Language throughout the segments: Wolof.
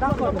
D'accord.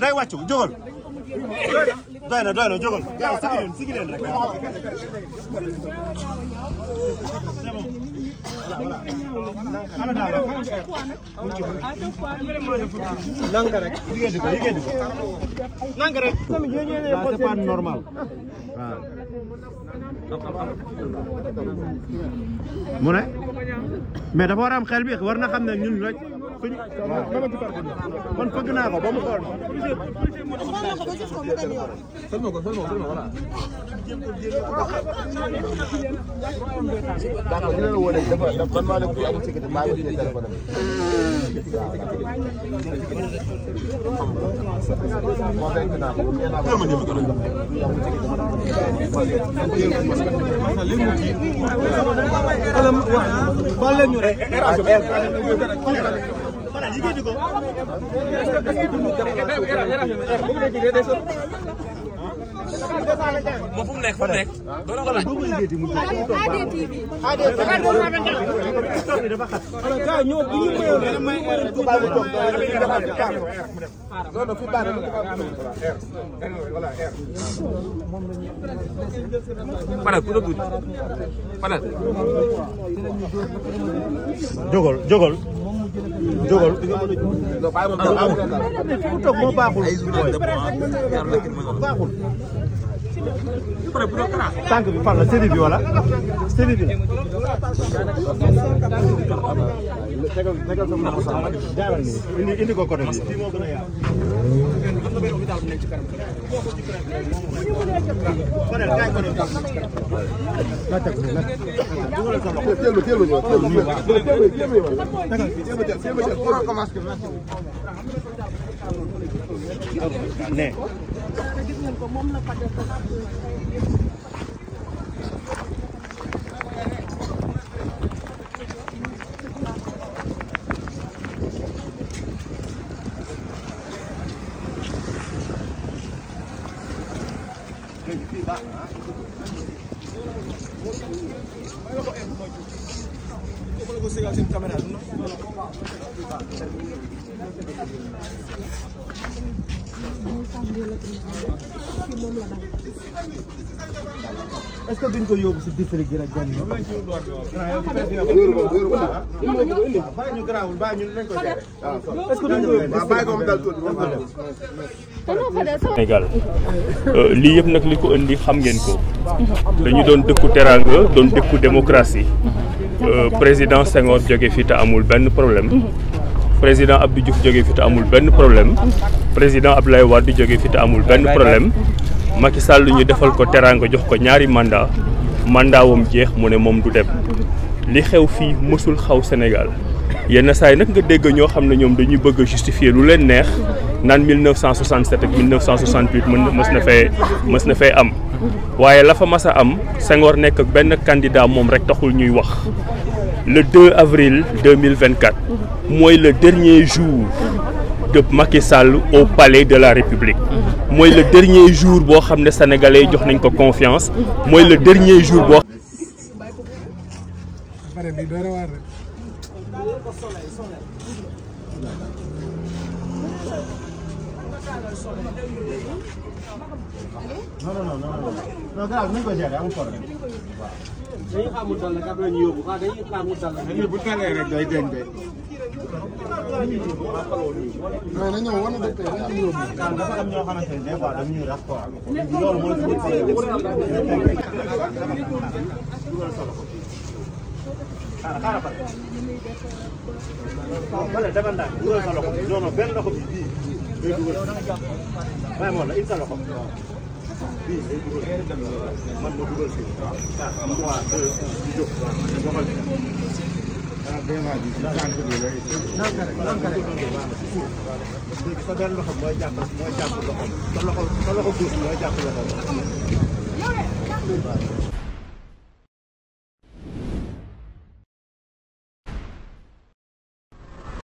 day wàccu jógal doy na doy na jógal sigil leen sigil leen rek nang rek liggéey ko liggéey ko nang rek c'est pas normal mu ne mais dafa war a am xel bi war na xam ne ñun rek suñu man fëgg naa ko ba mu xool. sëlma ko sëlma ko sëlma voilà. d'accord dina la woo léegi dafa dafa man maa leen ko amul sécurité maa ngi leen téléphone am. moo fekk naa ko nee naa ko amul sécurité. alam wax baal leen ñu rek. voilà liggéey a moom fu mu nekk fu mu nekk. toog ni dafa xat ana gars ñoo bu moo baaxul tànk bi fan la série bi wala série bi la. indi indi ko côté bi. ne. gis ngeen ko moom la fa def Thank you. est que duñ ko yóbbu si district ah, euh, lii yëpp nag li ko indi xam ngeen ko. dañu doon dëkku teraanga doon dëkku démocratie. Euh, président Senghor joge fii te amul benn problème. président Abdou Diouf jógee fi te amul benn problème président ab Abdoulaye di jóge fi te amul benn problème Macky lu ñu defal ko teraanga jox ko ñaari mandat mandat wam jeex mu ne moom du dem li xew fii mësul xaw Sénégal yenn saay nag nga dégg ñoo xam ne ñoom dañuy bëgg a justifier lu leen neex naan 1967 ak 1968 mën na mës na fee mës na fay am waaye la fa mas a am Senghor nekk ak benn candidat moom rek taxul ñuy wax le 2 avril 2024 mooy le dernier jour de Macky Sall au palais de la République mooy le dernier jour boo xam ne sénégalais jox nañ ko confiance mooy le dernier jour boo non non non non non garaawul nañu ko gérer amul problème waaw. dañuy xaamul dal la kat la ñu yóbbu waaw dañuy xaamul dal la. dañuy bu tànnee rek day denc de. mais na ñëw war na dëkk rek dañuy yóbbu. dafa am ñoo xamante ne des fois dañu ñuy raf quoi. loolu moo ci gën a. xaaral xaaral pare. ma ne demal naa dugal sa loxo non non benn loxo bi bii day dugal waaye moom la il sa loxo bii day dugal man ma dugal fii waaw trois deux di jóg doxal léegi sa benn loxo mooy jàpp mooy jàpp loxo sa loxo sa loxo góos mooy jàpp loxo